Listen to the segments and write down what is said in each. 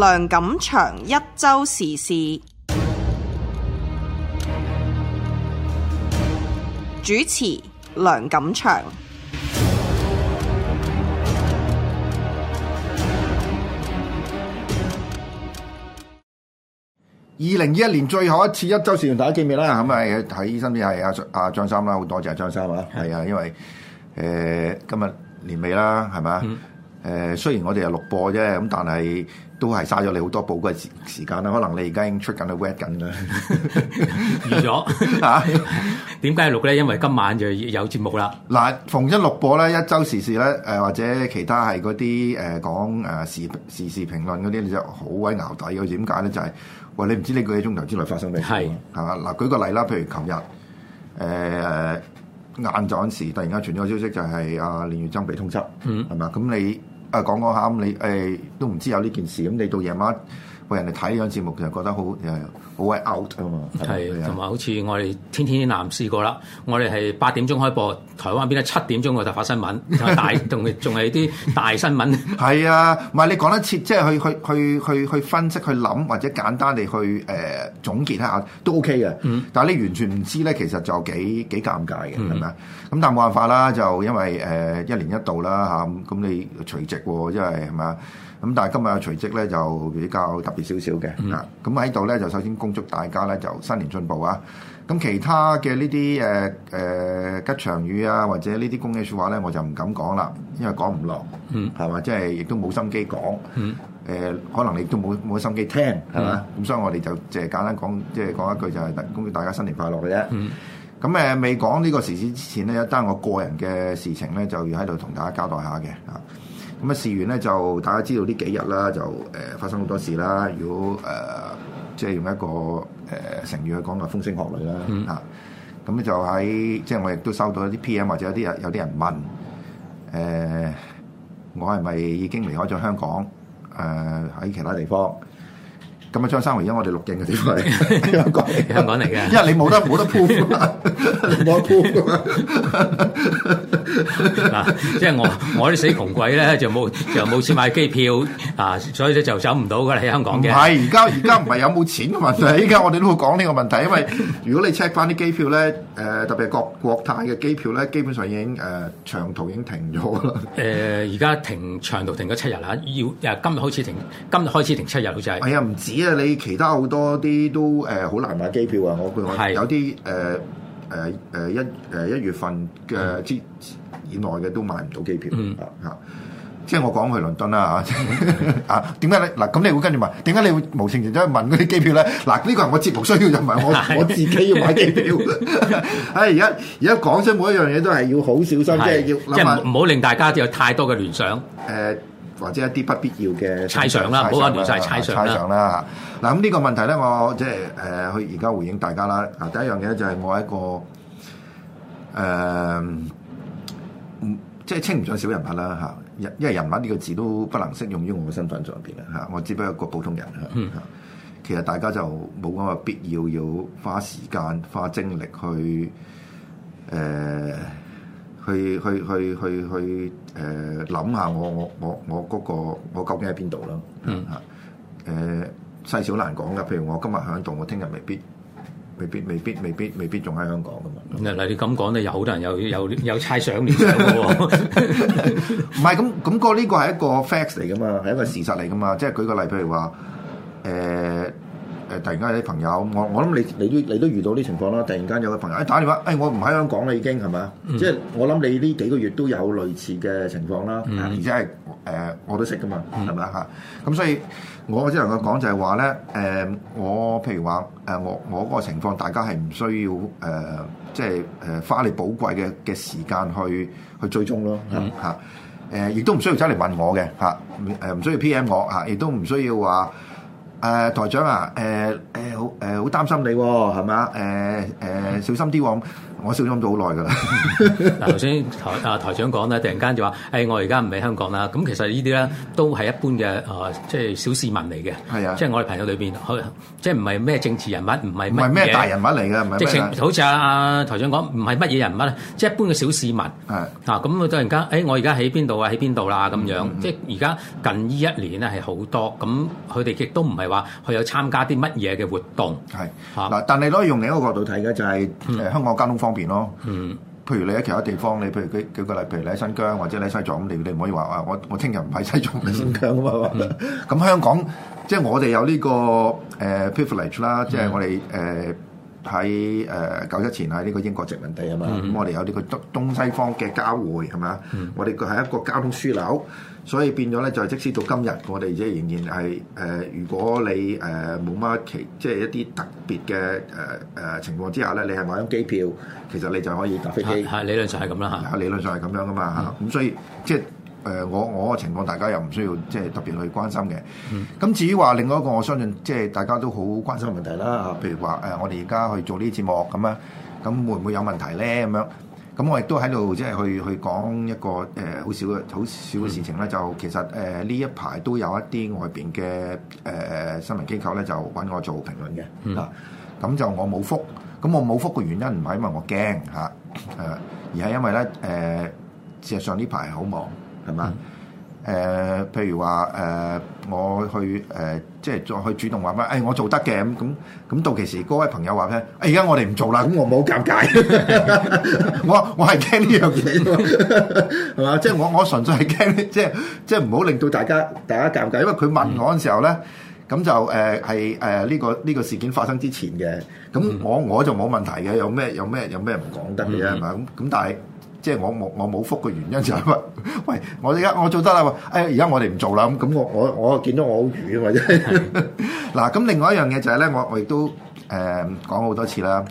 梁錦祥一周時事主持，梁錦祥。二零二一年最後一次一周時同大家見面啦？咁咪喺喺身邊係阿阿張三啦，好多、啊啊、謝張三啦。係啊的，因為誒、呃、今日年尾啦，係咪？誒、嗯呃，雖然我哋係錄播啫，咁但係。都係嘥咗你好多寶貴時時間啦，可能你而家已經出緊去 wed 緊啦，完咗嚇？點解 錄咧？因為今晚就有節目啦。嗱、啊，逢一錄播咧，一周時事咧，誒、呃、或者其他係嗰啲誒講誒時時事評論嗰啲、就是呃，你就好鬼淆底嘅。點解咧？就係話你唔知呢個幾鐘頭之內發生咩事。係係嘛？嗱、啊，舉個例啦，譬如琴日誒晏晝嗰時，突然間傳咗個消息、就是，就係阿連月增被通緝，係嘛、嗯？咁你。啊，講講下咁，你誒、哎、都唔知有呢件事咁，嗯，你到夜晚。喂，人哋睇呢樣節目，其實就覺得 out, 是吧好好 out 啊嘛！係同埋好似我哋天天啲男試過啦，我哋係八點鐘開播，台灣邊得七點鐘就發新聞，仲係仲係啲大新聞。係 啊，唔係你講得切，即係去去去去去分析、去諗或者簡單地去誒、呃、總結一下都 OK 嘅。但係你完全唔知咧，其實就幾幾尷尬嘅，係咪咁？但係冇辦法啦，就因為誒、呃、一年一度啦嚇，咁、嗯、你除夕喎，即係係咪啊？咁但係今日嘅除夕咧就比較特別少少嘅，啊！咁喺度咧就首先恭祝大家咧就新年進步啊！咁其他嘅呢啲誒誒吉祥語啊，或者呢啲恭嘅説話咧，我就唔敢講啦，因為講唔落，嗯，係嘛，即係亦都冇心機講，嗯，誒，可能你都冇冇心機聽，係嘛？咁所以我哋就就簡單講，即係講一句就係恭祝大家新年快樂嘅啫。咁誒未講呢個時事之前咧，一單我個人嘅事情咧，就要喺度同大家交代下嘅，啊。咁啊事緣咧就大家知道呢幾日啦，就誒、呃、發生好多事啦。如果誒、呃、即係用一個誒、呃、成語去講就風聲鶴唳啦嚇。咁咧、嗯啊、就喺即係我亦都收到一啲 PM 或者有啲人有啲人問誒、呃，我係咪已經離開咗香港誒喺、呃、其他地方？咁啊，張生，而家我哋錄影嘅地方香港嚟，香港嚟嘅。因為你冇得冇 得 p 冇得 p r 即係我我啲死窮鬼咧，就冇就冇錢買機票啊，所以咧就走唔到噶啦，喺香港嘅。唔係，而家而家唔係有冇錢嘅問題，依家我哋都會講呢個問題，因為如果你 check 翻啲機票咧，誒、呃、特別係國國泰嘅機票咧，基本上已經誒、呃、長途已經停咗啦。誒、 呃，而家停長途停咗七日啦，要今日開始停，今日開始停七日好似係、 啊。我又唔知。因為你其他好多啲都誒好、呃、難買機票啊，我見我有啲誒誒誒一誒、呃、一月份嘅之、嗯、以內嘅都買唔到機票吓、嗯啊！即係我講去倫敦啦吓，啊？點解你嗱咁你會跟住問？點解你會無情情噉去問嗰啲機票咧？嗱、啊、呢、這個係我節目需要，就唔係我的我自己要買機票。哎、 啊，而家而家講出每一樣嘢都係要好小心，即係的要諗下，唔好令大家有太多嘅聯想。誒。或者一啲不必要嘅猜想啦，好啊，亂曬猜想啦。嗱咁呢個問題咧，我即係誒去而家回應大家啦。第一樣嘢咧就係我係一個誒，即係稱唔上小人物啦嚇。因因為人物呢個字都不能適用於我嘅身份上邊啦嚇。我只不過係個普通人嚇、嗯、其實大家就冇咁嘅必要要花時間花精力去誒。呃去去去去去誒諗下我我我我嗰個我究竟喺邊度啦？嗯嚇誒細小難講嘅，譬如我今日喺度，我聽日未必未必未必未必未必仲喺香港㗎嘛。嗱，你咁講咧，有好多人有有有猜想，唔係咁咁個呢個係一個 facts 嚟噶嘛，係一個事實嚟噶嘛，即係舉個例，譬如話誒。誒突然間有啲朋友，我我諗你你都你都遇到啲情況啦。突然間有個朋友，誒、哎、打電話，誒、哎、我唔喺香港啦，已經係、嗯呃、咪？即係我諗你呢幾個月都有類似嘅情況啦，而且係誒我都識噶嘛，係咪啊？咁所以我只能夠講就係話咧，誒、呃、我譬如話誒、呃、我我嗰個情況，大家係唔需要誒、呃、即係誒花你寶貴嘅嘅時間去去追蹤咯嚇誒，亦都唔需要走嚟問我嘅嚇誒，唔、啊、需要 PM 我嚇，亦都唔需要話。啊。誒、呃、台長啊，誒誒好，誒好擔心你喎、啊，係嘛？誒、呃、誒、呃、小心啲喎、啊。我笑咗好耐㗎啦！嗱、啊，頭先台啊台長講咧，突然間就話：誒、欸，我而家唔喺香港啦。咁其實呢啲咧都係一般嘅啊、呃，即係小市民嚟嘅。係啊的，即係我哋朋友裏邊，的即係唔係咩政治人物，唔係咩咩大人物嚟嘅。唔係咩。直情好似啊台長講，唔係乜嘢人物，即係一般嘅小市民。係嗱咁佢突然間誒、欸，我而家喺邊度啊？喺邊度啦？咁樣的即係而家近呢一年咧係好多咁，佢哋亦都唔係話去有參加啲乜嘢嘅活動。係嗱的，的但係你可以用另一個角度睇嘅就係、是、香港交通方。方便咯，嗯，譬如你喺其他地方，你譬如舉舉個例，譬如你喺新疆或者你喺西藏，咁你你唔可以話啊，我我聽日唔喺西藏，喺新疆啊嘛，咁、嗯嗯、 香港即係我哋有呢個誒 privilege 啦，即係我哋誒、這個。呃喺誒、呃、九一前喺呢個英國殖民地啊嘛，咁、mm hmm. 我哋有呢個東東西方嘅交匯係嘛，mm hmm. 我哋佢係一個交通樞紐，所以變咗咧就係即使到今日，我哋即係仍然係誒、呃，如果你誒冇乜其即係一啲特別嘅誒誒情況之下咧，你係買張機票，其實你就可以搭飛機。係理論上係咁啦嚇，理論上係咁樣噶嘛嚇，咁所以即係。誒我我個情況，大家又唔需要即係特別去關心嘅。咁至於話另外一個，我相信即係大家都好關心嘅問題啦。譬如話誒，我哋而家去做呢啲節目咁樣，咁會唔會有問題咧？咁樣咁我亦都喺度即係去去講一個誒好少嘅好少嘅事情啦。嗯、就其實誒呢一排都有一啲外邊嘅誒新聞機構咧，就揾我做評論嘅啊。咁、嗯、就我冇覆，咁我冇覆嘅原因唔係因為我驚嚇誒，而係因為咧誒，事實上呢排係好忙。係嘛？誒、嗯呃，譬如話誒、呃，我去誒、呃，即係再去主動話翻，誒、哎，我做得嘅咁咁咁，到其時嗰位朋友話咧，誒、哎，而家我哋唔做啦，咁我冇好尷尬， 我我係驚呢樣嘢，係嘛？ 即係我我純粹係驚，即係即係唔好令到大家大家尷尬，因為佢問我嗰陣時候咧，咁、嗯、就誒係誒呢個呢、呢個事件發生之前嘅，咁、嗯、我我就冇問題嘅，有咩有咩有咩唔講得嘅，係嘛、啊？咁咁但係。即係我冇我冇覆嘅原因就係乜？喂，我而家我做得啦，哎，而家我哋唔做啦，咁咁我我我見到我好愚啊！或者嗱，咁另外一樣嘢就係咧，我我亦都誒講好多次啦。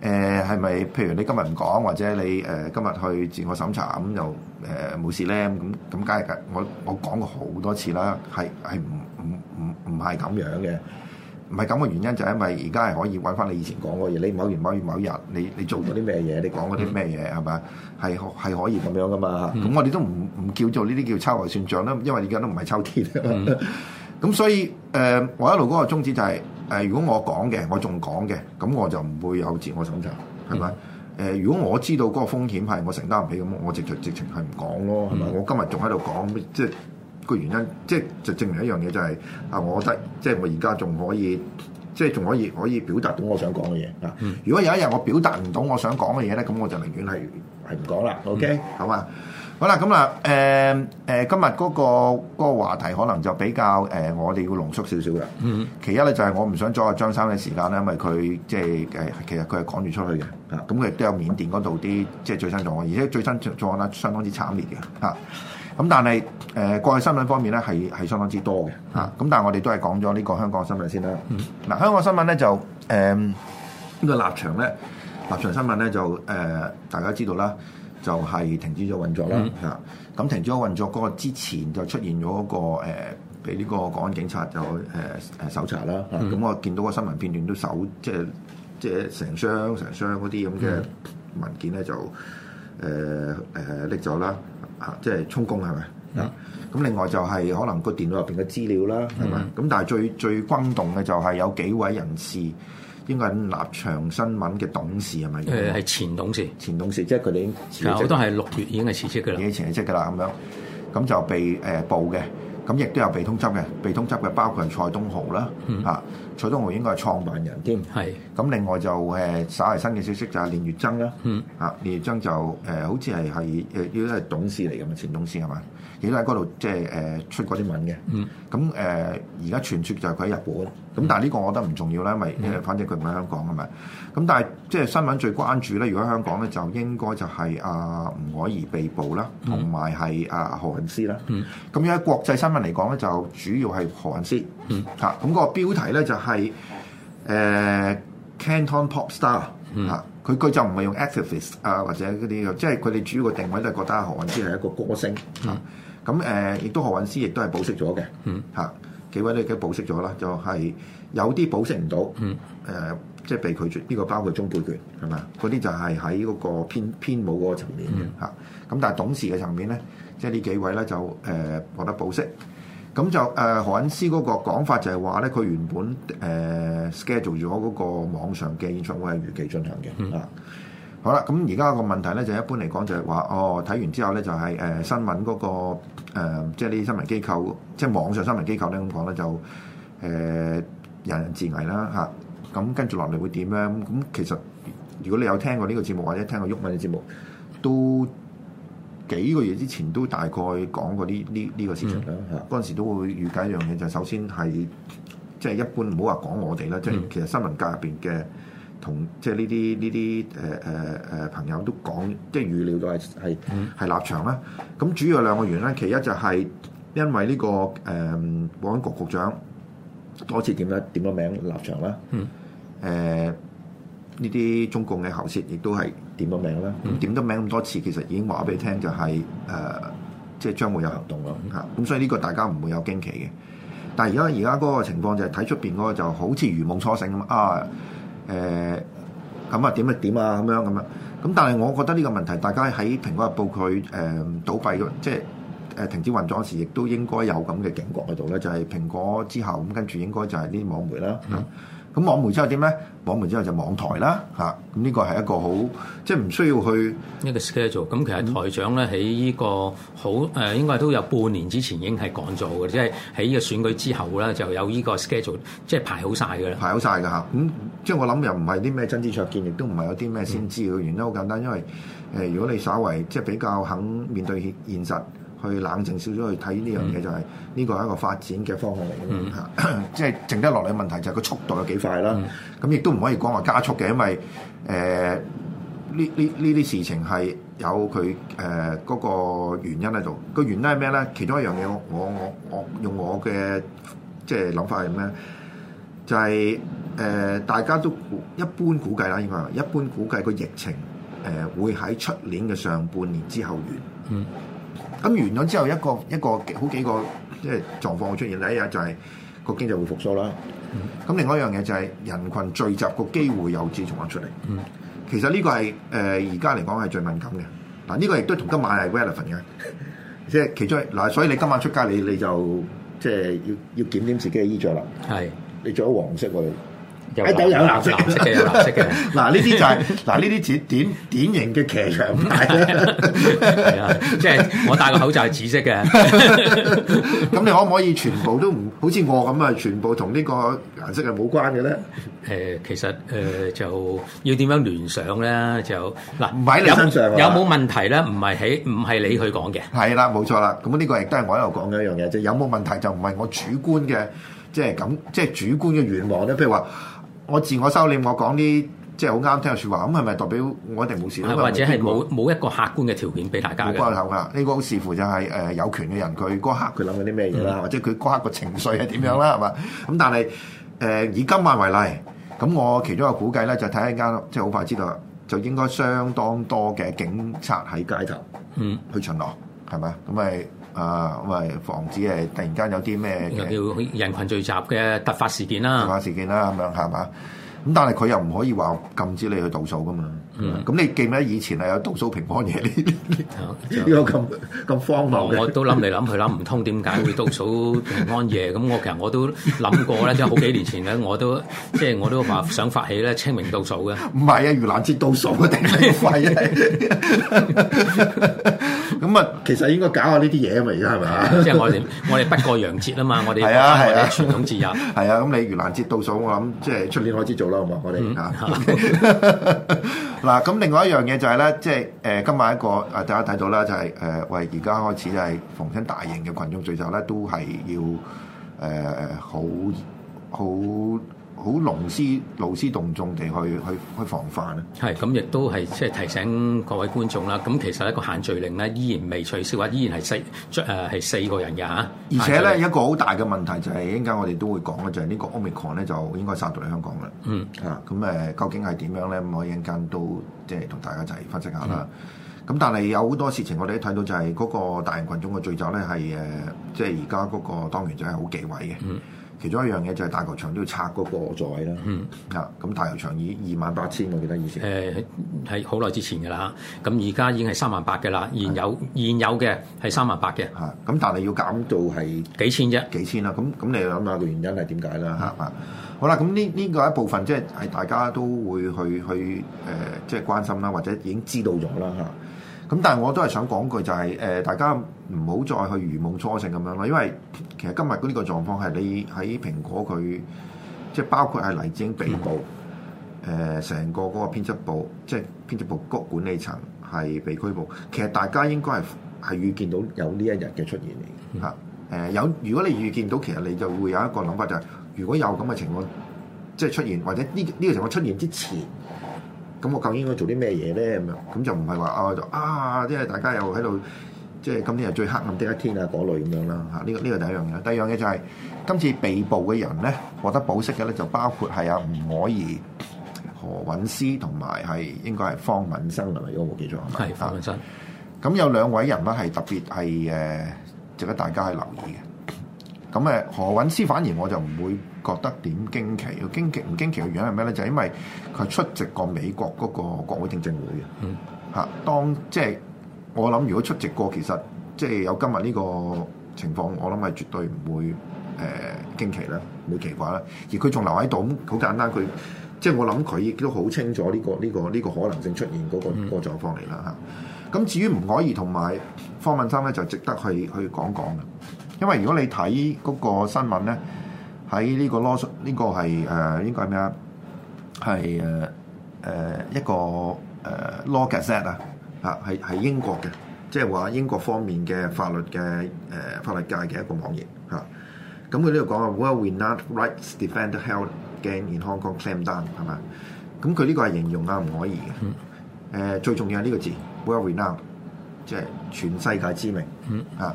誒係咪？譬如你今日唔講，或者你誒今日去自我審查，咁就誒冇事咧。咁咁梗係嘅。我我講過好多次啦，係係唔唔唔唔係咁樣嘅。唔係咁嘅原因，就係、是、因為而家係可以揾翻你以前講過嘢。你某年某月某日，你你做過啲咩嘢？你講過啲咩嘢？係、嗯、嘛？係係可以咁樣噶嘛？咁我哋都唔唔叫做呢啲叫秋後算帳啦。因為而家都唔係秋天。咁、嗯、 所以誒、呃，我一路嗰個宗旨就係、是、誒、呃，如果我講嘅，我仲講嘅，咁我就唔會有自我審查，係咪？誒、嗯呃，如果我知道嗰個風險係我承擔唔起咁，我直情直情係唔講咯、嗯嗯。我今日仲喺度講，即、就、係、是，個原因，即係就證明一樣嘢就係、是、啊，我覺得即係我而家仲可以，即係仲可以可以表達到我想講嘅嘢啊。嗯、如果有一日我表達唔到我想講嘅嘢咧，咁我就寧願係係唔講啦。OK，好嘛、嗯，好啦，咁嗱誒誒，今日嗰、那個嗰、那個話題可能就比較誒、呃，我哋要濃縮少少嘅。嗯，其一咧就係我唔想阻礙張三嘅時間咧，因為佢即係誒，其實佢係趕住出去嘅。啊，咁佢都有緬甸嗰度啲即係最新狀況，而且最新狀況咧相當之慘烈嘅嚇。啊。咁、嗯、但係誒國際新聞方面咧係係相當之多嘅嚇，咁、嗯嗯、但係我哋都係講咗呢個香港新聞先啦。嗱、嗯啊、香港新聞咧就誒呢、嗯這個立場咧，立場新聞咧就誒、呃、大家知道啦，就係、是、停止咗運作啦嚇。咁、嗯嗯、停止咗運作嗰個之前就出現咗一、那個誒，俾、呃、呢個港安警察就誒誒搜查啦。咁、嗯嗯、我見到個新聞片段都搜即係即係成箱成箱嗰啲咁嘅文件咧就。嗯誒誒，搦走啦啊！即係充公係咪啊？咁、嗯嗯、另外就係可能個電腦入邊嘅資料啦，係咪？咁但係最最轟動嘅就係有幾位人士，應該係立場新聞嘅董事係咪？誒係前董事，前董事，前董事即係佢哋辭職，都係六月已經係辭職㗎啦，已經辭職㗎啦咁樣，咁就被誒、呃、報嘅，咁亦都有被通緝嘅，被通緝嘅包括係蔡東豪啦嚇。嗯蔡東豪應該係創辦人添，係咁，另外就誒稍為新嘅消息就係練乙錚啦，啊練乙錚就誒好似係係誒都係董事嚟㗎嘛，前董事係嘛，亦都喺嗰度即係誒出過啲文嘅，咁誒而家傳說就係佢喺日本，咁但係呢個我覺得唔重要啦，因為誒反正佢唔喺香港㗎咪？咁但係即係新聞最關注咧，如果香港咧就應該就係阿吳靄儀被捕啦，同埋係阿何韻詩啦，咁而喺國際新聞嚟講咧就主要係何韻詩，嚇咁個標題咧就係。係誒 Canton pop star 啊，佢佢、嗯、就唔係用 activist 啊，或者嗰啲，即係佢哋主要嘅定位都係覺得何韻詩係一個歌星嚇。咁誒、嗯，亦、啊嗯、都何韻詩亦都係保釋咗嘅嚇。幾位都已經保釋咗啦，就係、是、有啲保釋唔到誒，即係被拒絕。呢、這個包括鍾沛權係咪啊？嗰啲就係喺嗰個編編務嗰個層面嚇。咁、嗯啊、但係董事嘅層面咧，即係呢幾位咧就誒獲、呃、得保釋。咁就誒，何韻詩嗰個講法就係話咧，佢原本誒 schedule 咗嗰個網上嘅演唱會係如期進行嘅、嗯、啊。好啦，咁而家個問題咧就一般嚟講就係話哦，睇完之後咧就係、是、誒、呃、新聞嗰、那個、呃、即係啲新聞機構，即係網上新聞機構咧咁講咧就誒、呃、人人自危啦、啊、嚇。咁、啊嗯、跟住落嚟會點咧？咁、啊嗯、其實如果你有聽過呢個節目或者聽過鬱文嘅節目都。幾個月之前都大概講過呢呢呢個事情啦。嗰陣、嗯、時都會預計一樣嘢，就是、首先係即係一般唔好話講我哋啦，即係、嗯、其實新聞界入邊嘅同即係呢啲呢啲誒誒誒朋友都講，即、就、係、是、預料到係係係立場啦。咁主要兩個原因，其一就係因為呢、這個誒、呃、保安局局長多次點咗點個名立場啦。嗯，呢啲、呃、中共嘅喉舌亦都係。點個名啦，嗯、點咗名咁多次，其實已經話俾你聽、就係呃，就係誒，即係將會有行動咯嚇。咁、嗯嗯、所以呢個大家唔會有驚奇嘅。但係而家而家嗰個情況就係睇出面嗰個就好似如夢初醒咁啊誒，咁、呃、啊點,點啊點啊咁樣咁啊。咁但係我覺得呢個問題，大家喺《蘋果日報》佢誒、呃、倒閉即係誒停止運作時，亦都應該有咁嘅警覺喺度咧，就係、係、蘋果之後咁跟住應該就係啲網媒啦嚇。嗯嗯咁網媒之後點咧？網媒之後就網台啦，嚇！咁呢個係一個好，即係唔需要去一個 schedule。咁其實台長咧喺呢個好誒，嗯、應該都有半年之前已經係講咗嘅，即係喺呢個選舉之後啦，就有呢個 schedule，即係排好晒㗎啦，排好晒㗎嚇。咁、嗯、即係我諗又唔係啲咩真知灼見，亦都唔係有啲咩先知嘅原因。好簡單，因為誒，如果你稍為即係比較肯面對現現實。去冷靜少少去睇呢樣嘢，就係呢個係一個發展嘅方向嚟嘅，嚇、嗯。即係 剩得落嚟嘅問題就係個速度有幾快啦。咁亦都唔可以講話加速嘅，因為誒呢呢呢啲事情係有佢誒嗰個原因喺度。個原因係咩咧？其中一樣嘢，我我我用我嘅即係諗法係咩？就係、是、誒、就是呃、大家都一般估計啦，應該一般估計個疫情誒、呃、會喺出年嘅上半年之後完。嗯。咁完咗之後，一個一個好幾個即係狀況會出現。第一日就係個經濟會復甦啦。咁另外一樣嘢就係人群聚集個機會又至情況出嚟。其實呢個係誒而家嚟講係最敏感嘅。嗱，呢個亦都同今晚係 relevant 嘅，即係其中。嗱，所以你今晚出街，你你就即係要要檢點自己嘅衣着啦。係是，你着咗黃色我哋。喺度有，有藍色嘅，藍色 有藍色嘅，嗱呢啲就係嗱呢啲，典典典型嘅騎牆咁大嘅，即係我戴個口罩係紫色嘅，咁你可唔可以全部都唔好似我咁啊？全部同呢個顏色係冇關嘅咧？誒，其實誒、呃、就要點樣聯想咧？就嗱，唔、啊、喺你身上、嗯、有冇問題咧？唔係喺，唔係你去講嘅。係啦、 啊，冇錯啦。咁呢個亦都係我喺度講嘅一樣嘢，即、就係、有冇問題就唔係我主觀嘅，即係咁，即係主觀嘅願望咧。譬如話。我自我收斂，我講啲即係好啱聽嘅説話，咁係咪代表我一定冇事或者係冇冇一個客觀嘅條件俾大家嘅？冇關口㗎，呢、這個好視乎就係、是、誒、呃、有權嘅人，佢嗰刻佢諗緊啲咩嘢啦，嗯、或者佢嗰刻個情緒係點樣啦，係嘛、嗯？咁、嗯、但係誒、呃、以今晚為例，咁我其中一個估計咧就睇、是、一間，即係好快知道，就應該相當多嘅警察喺街頭，嗯，去巡邏係嘛？咁咪。啊，咁咪防止誒突然間有啲咩，叫人群聚集嘅突發事件啦、啊，突發事件啦、啊、咁樣係嘛？咁但係佢又唔可以話禁止你去倒數噶嘛？咁你記唔記得以前係有倒數平安夜呢啲？有咁咁荒謬，我都諗嚟諗去諗唔通點解會倒數平安夜？咁我其實我都諗過咧，即係好幾年前咧，我都即係我都話想發起咧清明倒數嘅。唔係啊，盂蘭節倒數定係廢啊？咁啊，其實應該搞下呢啲嘢啊嘛，而家係咪啊？即係我哋我哋不過洋節啊嘛，我哋係啊係啊傳統節日係啊。咁你盂蘭節倒數，我諗即係出年開始做啦，好冇？我哋啊。嗱，咁另外一樣嘢就係、是、咧，即係誒今晚一個啊大家睇到啦，就係、是、誒、呃、喂，而家開始就係、是、逢親大型嘅群眾聚集咧，都係要誒好好。呃好勞師勞師動眾地去去去防範咧，係咁亦都係即係提醒各位觀眾啦。咁其實一個限聚令咧，依然未取消，或依然係四將誒、呃、四個人嘅嚇。啊、而且咧、就是、一個好大嘅問題就係一陣間我哋都會講嘅，就係、是、呢個 Omicron 咧就應該殺到嚟香港嘅啦。嗯啊，咁誒究竟係點樣咧？咁我一陣間都即係同大家一齊分析下啦。咁、嗯嗯、但係有好多事情我哋都睇到就，就係嗰個大型群眾嘅聚集咧，係誒即係而家嗰個當局就係好忌諱嘅。其中一樣嘢就係大球場都要拆嗰個座位啦。嗯，啊，咁大球場已二萬八千，我記得以前。誒，喺好耐之前噶啦，咁而家已經係三萬八嘅啦。現有的現有嘅係三萬八嘅。啊，咁但係要減到係幾千啫？幾千啦，咁咁你諗下個原因係點解啦？嚇的，好啦，咁呢呢個一部分即係係大家都會去去誒，即、呃、係、就是、關心啦，或者已經知道咗啦嚇。咁但係我都係想講句就係、是、誒，大家唔好再去如夢初醒咁樣咯，因為其實今日呢個狀況係你喺蘋果佢，即係包括係黎智英被捕，誒成、嗯呃、個嗰個編輯部，即係編輯部各管理層係被拘捕。其實大家應該係係預見到有呢一日嘅出現嚟嘅嚇。有、嗯呃，如果你預見到，其實你就會有一個諗法就係、是，如果有咁嘅情況，即係出現，或者呢呢個情況出現之前。咁我究竟應該做啲咩嘢咧咁樣？咁就唔係話啊就啊，即係大家又喺度，即係今天又最黑暗的一天啊，嗰類咁樣啦嚇。呢個呢個第一樣嘢，第二樣嘢就係、是、今次被捕嘅人咧，獲得保釋嘅咧就包括係啊，吳靄儀、何韻詩同埋係應該係方敏生係咪？我冇記錯係方敏生。咁、啊、有兩位人物係特別係誒值得大家去留意嘅。咁誒何韻詩反而我就唔會覺得點驚奇，個驚奇唔驚奇嘅原因係咩咧？就是、因為佢係出席過美國嗰個國會聽證會嘅，嚇、嗯。當即係、就是、我諗，如果出席過，其實即係、就是、有今日呢個情況，我諗係絕對唔會誒、呃、驚奇啦，唔會奇怪啦。而佢仲留喺度，好簡單，佢即係我諗佢都好清楚呢、這個呢、這個呢、這個可能性出現嗰、那個個狀況嚟啦嚇。咁、嗯、至於吳靄儀同埋方敏生咧，就值得去去講講嘅。因為如果你睇嗰個新聞咧，喺呢個 law 呢個係誒、呃、應該係咩是、呃呃、啊？係誒誒一個誒 Law Gazette 啊，嚇係係英國嘅，即係話英國方面嘅法律嘅誒、呃、法律界嘅一個網頁嚇。咁佢呢度講話，Where we not rights defend health 嘅健康方 claim down 係嘛？咁佢呢個係形容啊，唔可以嘅。誒、嗯、最重要係呢個字，Where we not，即係、就是、全世界知名嚇。嗯嗯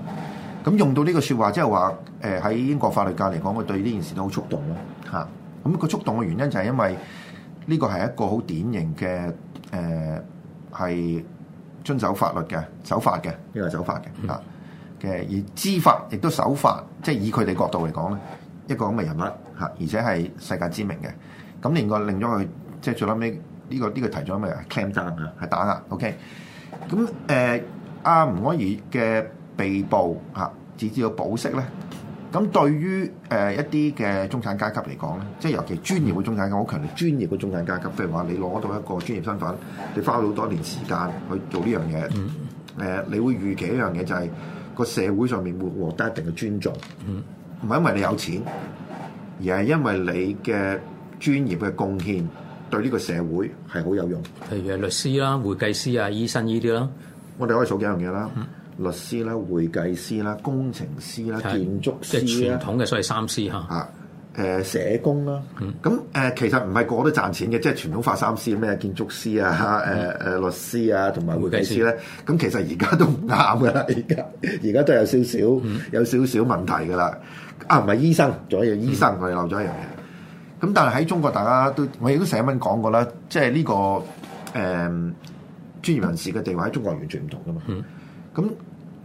咁用到呢個説話，即係話，誒喺英國法律界嚟講，佢對呢件事都好觸動咯，嚇！咁佢觸動嘅原因就係因為呢個係一個好典型嘅，誒係遵守法律嘅守法嘅，因為守法嘅啊嘅，嗯、而知法亦都守法，即係以佢哋角度嚟講咧，一個咁嘅人物嚇，啊、而且係世界知名嘅。咁另外令咗佢，即係最撚尾呢個呢個提咗咩啊 claim 爭嘅，係打壓。OK，咁誒阿吳愛兒嘅。被捕嚇，只知道保釋咧。咁對於誒一啲嘅中產階級嚟講咧，即係尤其專業嘅中產階級，我強調專業嘅中產階級。譬如話你攞到一個專業身份，你花咗好多年時間去做呢樣嘢，誒、嗯呃，你會預期一樣嘢就係、是、個社會上面會獲得一定嘅尊重。唔係因為你有錢，而係因為你嘅專業嘅貢獻對呢個社會係好有用。譬如律師啦、會計師啊、醫生呢啲啦，我哋可以數幾樣嘢啦。嗯律師啦、會計師啦、工程師啦、建築師啦，即係傳統嘅，所謂三師嚇嚇誒社工啦，咁誒、嗯呃、其實唔係個個都賺錢嘅，即係傳統化三師咩建築師啊、誒誒、嗯呃、律師啊同埋會計師咧，咁、嗯、其實而家都唔啱噶啦，而家而家都有少少、嗯、有少少問題噶啦。啊唔係醫生左一樣，仲有醫生佢哋漏咗一樣嘢，咁、嗯、但係喺中國大家都我亦都寫文講過啦，即係呢、這個誒、嗯、專業人士嘅地位喺中國完全唔同噶嘛。嗯咁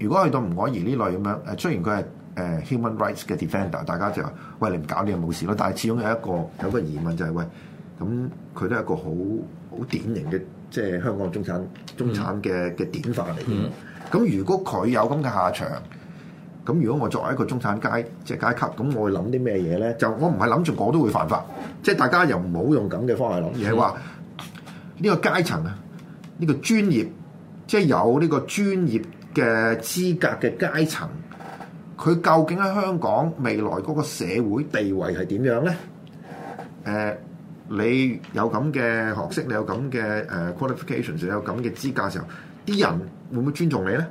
如果去到吳可賢呢類咁樣，誒雖然佢係誒 human rights 嘅 defender，大家就話喂你唔搞你又冇事咯，但係始終有一個有一個疑問就係、是、喂，咁佢都係一個好好典型嘅即係香港中產中產嘅嘅典範嚟嘅。咁、嗯嗯、如果佢有咁嘅下場，咁如果我作為一個中產階即係、就是、階級，咁我會諗啲咩嘢咧？就我唔係諗住我都會犯法，即、就、係、是、大家又唔好用咁嘅方法嚟諗而係，話呢、嗯、個階層啊，呢個專業即係有呢個專業。就是嘅資格嘅階層，佢究竟喺香港未來嗰個社會地位係點樣咧？誒、呃，你有咁嘅學識，你有咁嘅誒 qualifications，你有咁嘅資格嘅時候，啲人會唔會尊重你咧？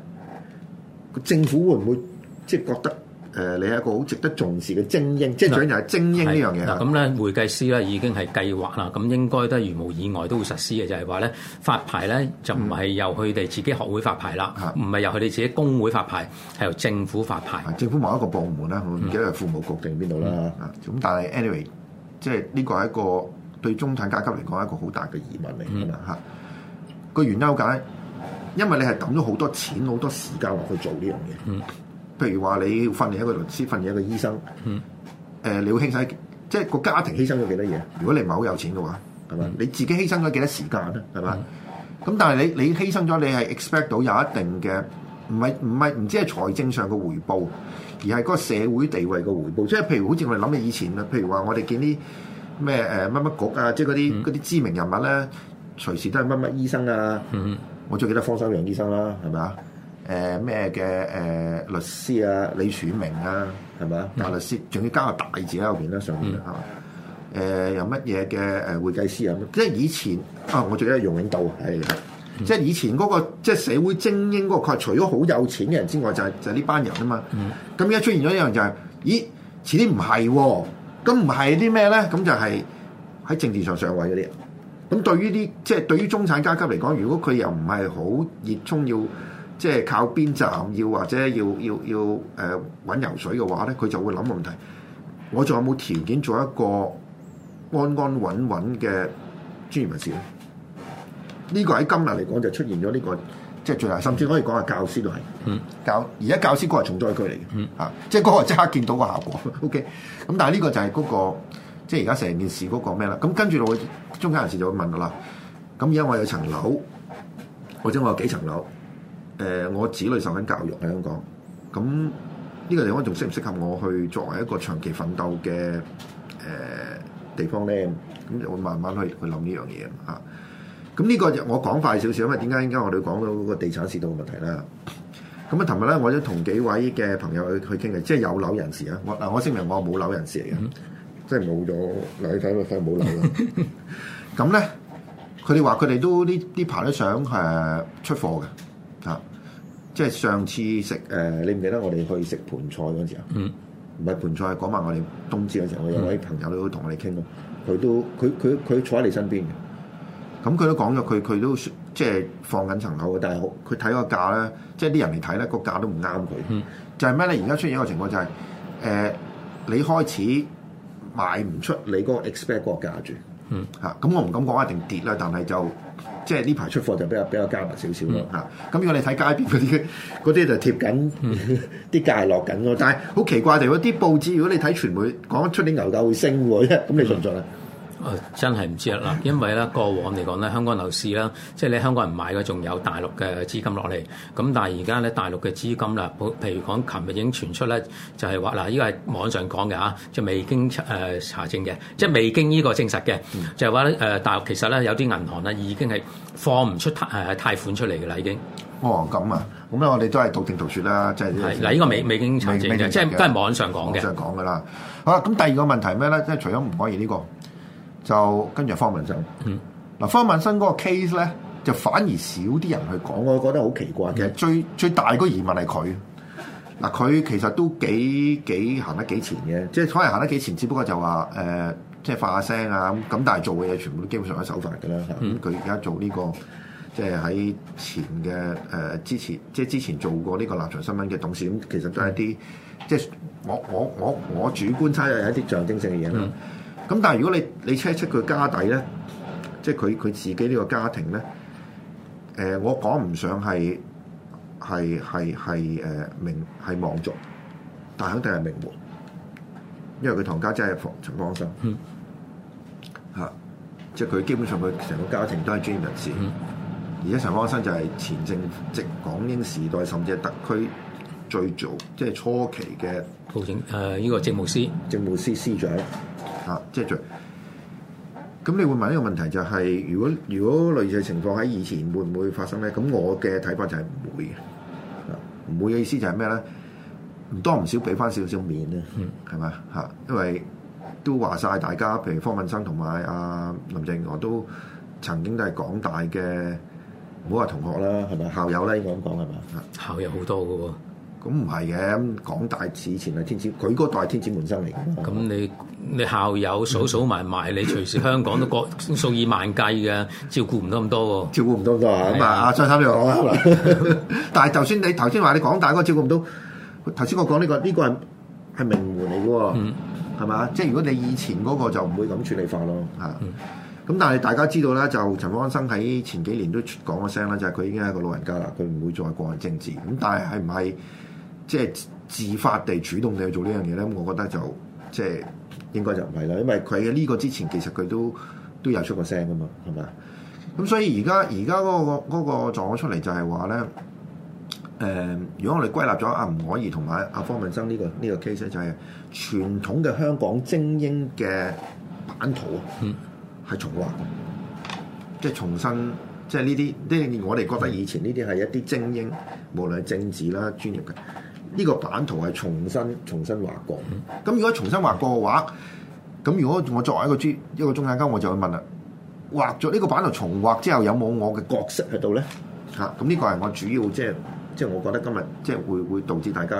政府會唔會即係覺得？誒，你係一個好值得重視嘅精英，即係主要係精英呢樣嘢。嗱，咁咧會計師咧已經係計劃啦，咁應該都係如無意外都會實施嘅，就係話咧發牌咧就唔係由佢哋自己學會發牌啦，唔係的由佢哋自己公會發牌，係由政府發牌。政府某一個部門咧，唔記得係父母局定邊度啦。咁、嗯嗯、但係 anyway，即係呢個係一個對中產階級嚟講係一個好大嘅疑問嚟㗎嘛嚇。個原因解，因為你係抌咗好多錢、好多時間落去做呢樣嘢。嗯嗯譬如話你訓練一個老師，訓練一個醫生，誒、嗯呃，你會犧牲，即係個家庭犧牲咗幾多嘢？如果你唔係好有錢嘅話，係嘛、嗯？你自己犧牲咗幾多時間啊？係嘛、嗯？咁吧、嗯、但係你你犧牲咗，你係 expect 到有一定嘅，唔係唔係唔止係財政上嘅回報，而係嗰個社會地位嘅回報。即係譬如好似我哋諗起以前啦，譬如話我哋見啲咩誒乜乜局啊，即係嗰啲啲知名人物咧，隨時都係乜乜醫生啊，嗯、我最記得方心陽醫生啦，係咪啊？誒咩嘅誒律師啊，李柱銘啊，係咪啊？大律師，仲嗎要加個大字喺入邊啦，上面嚇、啊。誒有乜嘢嘅誒會計師啊？即係以前啊，我最記得容永道係、mm. 那個。即係以前嗰個即係社會精英嗰、那個，佢除咗好有錢嘅人之外、就是，就係就呢班人啊嘛。咁而家出現咗一樣就係、是，咦？遲啲唔係喎，咁唔係啲咩咧？咁就係喺政治上上位嗰啲人，咁對於啲即係對於中產階級嚟講，如果佢又唔係好熱衷要。即係靠邊站？要或者要要要誒揾油水嘅話咧，佢就會諗問題。我仲有冇條件做一個安安穩穩嘅專業人士咧？呢、這個喺今日嚟講就出現咗呢、這個，即係最大，甚至可以講係教師都係。嗯教。教而家教師哥係重災區嚟嘅。嗯。啊，即係嗰個即刻見到個效果。OK。咁但係呢個就係嗰、那個，即係而家成件事嗰、那個咩啦？咁跟住落去，中產人士就會問㗎啦。咁而家我有層樓，或者我有幾層樓？誒，我子女受緊教育喺香港，咁呢個地方仲適唔適合我去作為一個長期奮鬥嘅誒地方咧？咁就會慢慢去去諗呢樣嘢啊！咁呢個我講快少少，因為點解？點解我哋講到嗰個地產市道嘅問題啦？咁啊，琴日咧，我都同幾位嘅朋友去去傾偈，即係有樓人士啊！我嗱，我聲明，明，我冇樓人士嚟嘅，嗯、即係冇咗嗱，你睇落睇冇樓啦。咁咧，佢哋話佢哋都呢呢排都想誒出貨嘅。即係上次食誒、呃，你唔記得我哋去食盆菜嗰陣時候，唔係盆菜，係講埋我哋冬至嗰陣時候，我有位朋友都同我哋傾咯，佢、嗯、都佢佢佢坐喺你身邊嘅，咁、嗯、佢都講咗，佢佢都即係放緊層樓嘅，但係佢睇個價咧，即係啲人嚟睇咧個價都唔啱佢，就係咩咧？而家出現一個情況就係、是、誒、呃，你開始賣唔出你嗰個 expect 嗰個價住，嚇咁、嗯啊、我唔敢講一定跌啦，但係就。即係呢排出貨就比較比較加埋少少咯嚇，咁、嗯、如果你睇街邊嗰啲嗰啲就貼緊啲價、嗯、 落緊咯，嗯、但係好奇怪就係嗰啲報紙，如果你睇傳媒講出啲牛豆會升喎，咁 你信唔信啊？嗯哦、真係唔知啦嗱，因為咧過往嚟講咧，香港樓市啦，即係你香港人買嘅，仲有大陸嘅資金落嚟。咁但係而家咧大陸嘅資金啦，譬如講琴日已經傳出咧，就係話嗱，呢個係網上講嘅嚇，就係、未經誒查、呃、查證嘅，即係未經呢個證實嘅，嗯、就係話咧誒大陸其實咧有啲銀行咧已經係放唔出誒貸款出嚟嘅啦，已經、哦。哇咁啊，咁我哋都係道聽途説啦，即係。係嗱係，呢係個未未經查證嘅，證即係都係網上講嘅。網上講嘅啦。好啦，咁第二個問題係咩咧？即係除咗唔國義呢個。就跟住方文生，嗱方文生嗰，嗯、個 case 咧，就反而少啲人去講，我覺得好奇怪嘅，嗯。最最大個疑問係佢，嗱佢其實都幾幾行得幾前嘅，即係可能行得幾前，只不過就話誒，呃，即係發下聲啊咁，但係做嘅嘢全部都基本上係手法㗎啦。咁佢而家做呢、這個即係喺前嘅誒，呃，之前，即係之前做過呢個立場新聞嘅董事，咁其實都係一啲即係我我我我，我主觀猜嘅一啲象徵性嘅嘢啦。嗯嗯咁但係如果你你車出佢家底咧，即係佢佢自己呢個家庭咧，誒、呃、我講唔上係係係係誒名係望族，但係肯定係名門，因為佢堂家姐係陳方安生，嚇、嗯啊，即係佢基本上佢成個家庭都係專業人士，嗯、而家陳方安生就係前政績港英時代甚至係特區最早即係、就是、初期嘅，布政司呢個政務司，政務司政務司司長。啊，即係咁你會問呢個問題就係、是，如果如果類似情況喺以前會唔會發生咧？咁我嘅睇法就係唔會嘅，唔、啊、會嘅意思就係咩咧？唔多唔少俾翻少少面咧，係嘛、嗯？嚇、啊，因為都話晒大家，譬如方敏生同埋阿林鄭娥都曾經都係港大嘅，唔好話同學啦，係咪吧？校友咧，我咁講係嘛？校友好多㗎、啊。咁唔係嘅，港大以前係天子，佢嗰代係天子門生嚟。咁你你校友數數埋埋，你隨時香港都個數以萬計嘅，照顧唔到咁多喎。照顧唔到咁多啊？咁啊阿張三你講。但係頭先你頭先話你港大嗰個照顧唔到，頭先我講呢個呢個係係名門嚟嘅喎，係嘛？即係如果你以前嗰個就唔會咁處理化咯。嚇！咁但係大家知道咧，就陳方安生喺前幾年都講咗聲啦，就係佢已經係一個老人家啦，佢唔會再過問政治。咁但係係唔係？即係自發地主動地去做呢樣嘢咧，我覺得就即係應該就唔係啦，因為佢喺呢個之前其實佢都都有出過聲噶嘛，係咪？咁所以而家而家嗰個嗰個狀況出嚟就係話咧，誒、呃，如果我哋歸納咗阿、啊、吳凱怡同埋阿方文生呢、這個呢、這個 case 咧，就係傳統嘅香港精英嘅版圖，嗯，係重畫，即係重新，即係呢啲，即係我哋覺得以前呢啲係一啲精英，無論係政治啦、專業嘅。呢個版圖係重新重新畫過，咁如果重新畫過嘅話，咁如果我作為一個中一個中產家，我就會問啦，畫著呢個版圖重畫之後有冇我嘅角色喺度咧？嚇、啊，咁呢個係我主要即係即係我覺得今日即係會會導致大家